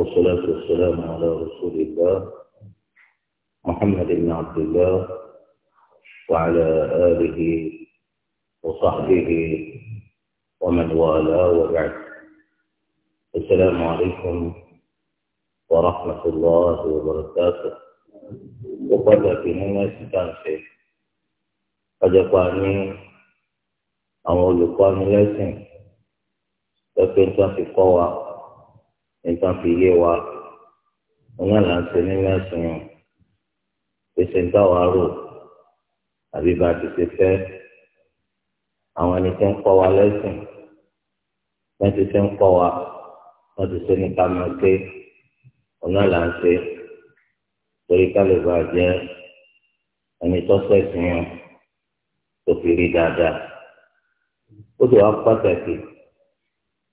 والصلاة والسلام على رسول الله محمد بن عبد الله وعلى آله وصحبه ومن والاه وبعد السلام عليكم ورحمة الله وبركاته وقد في نوم كان قد قاني أو يقاني لكن لكن في قوة nǹkan fi yé wa ọmọ là ń ṣe nínú ẹ̀sìn wọn pèsè ń dá wa rò àbí bá a ti ṣe fẹ́ àwọn ẹni tí ń kọ́ wa lẹ́sìn wọ́n ti ṣe ń kọ́ wa wọ́n ti ṣe nípa máa ké ọmọ là ń ṣe torí kálíbà jẹ́ ẹni tó ṣẹ̀sìn wọn tó fi rí dáadáa ó sì wá pàtàkì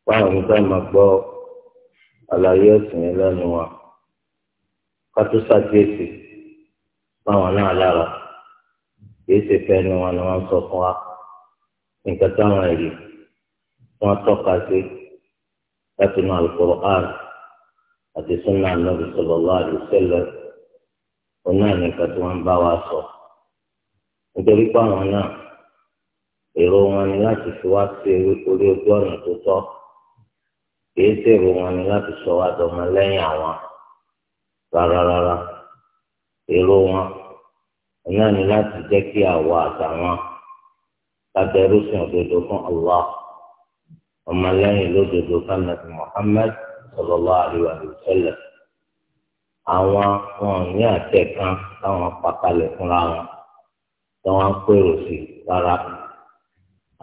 fáwọn ọmọ sáà máa gbọ́ àlàyé ẹ̀sìn yẹn lẹ́nu wa ká tó ṣàkíyèsí báwọn náà lára kìí ṣe fẹ́ni wọn ni wọ́n sọ fún wa nǹkan táwọn ẹ̀rí wọn tọ́ka sí láti nu Al-Qur'an àti sunna Nabi sallallahu alaihi wasallam òun tí wọ́n ń bá wa sọ nítorí pé àwọn náà èrò wọn ni láti fi wá sí orí ojú ọ̀nà tó tọ́. kìí ṣèrò wọn ni láti sọ wá dọmọ lẹ́yìn àwọn rárára èrò wọn náà ni láti jẹ́ kí àwa àtàwọn lábẹ́rú sìn òdodo fún Allah ọmọlẹ́yìn lódodo fanabi Muhammad sallallahu alaihi wa àwọn wọn ní àtẹ kan táwọn fúnra wọn tí ń pèrò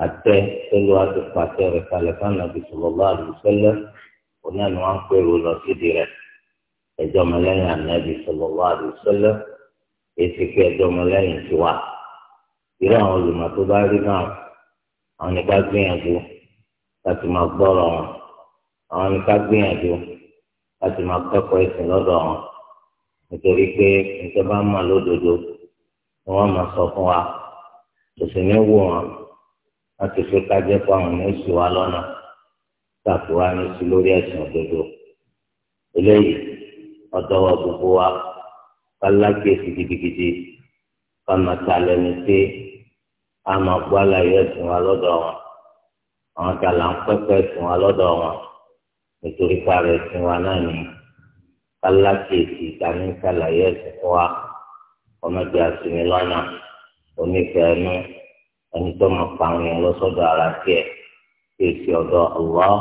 àtẹ pẹ̀lú àtúpàtẹ rẹ̀ kalẹ̀ fanabi sallallahu alaihi wasallam òní àná wọn pèrò lọ sídìí rẹ̀ ẹjọ́ ọmọlẹ́yìn ànábi sallallahu alaihi wasallam èsì pé ẹjọ́ ọmọlẹ́yìn ti wà irú àwọn olùmọ̀ tó bá rí náà àwọn ní gbìyànjú láti máa gbọ́rọ̀ wọn àwọn ní gbìyànjú láti máa kẹ́kọ̀ọ́ ìsìn lọ́dọ̀ wọn nítorí pé nǹkan bá ń mọ̀ lódodo ni wọ́n máa sọ fún wa kò sì ní wù wọn wọn ti fi kájẹ fún àwọn èèyàn sì wá lọ́nà tàbí wá ní sí lórí ẹ̀sìn òdodo eléyìí ọdọwọ gbogbo wa kálákìyèsí gidigidi ká máa ta lẹni pé a máa gbọ́ àlàyé ẹ̀sìn wa lọ́dọ̀ wọn àwọn ta ń pẹ́pẹ́ ẹ̀sìn wa lọ́dọ̀ wọn nítorí parí ẹ̀sìn wa náà ni kálákìyèsí ìdáni ṣàlàyé ẹ̀sìn fún wa ọmọdé àsìmí lọ́nà onífẹ̀ẹ́ náà ẹni tó máa pa àwọn èèyàn lọ sọ́dọ̀ ara tiẹ̀ kí èsì ọ̀dọ̀ Allah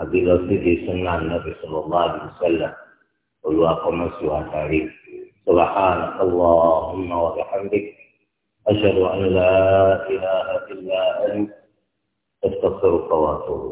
àbí lọ síbi súnà nàbì sallallahu alaihi wasallam olúwa kọ́mọ́sí wa tàrí subhanaka Allahumma wa bihamdik ashhadu an la ilaha illa anta astaghfiruka wa atubu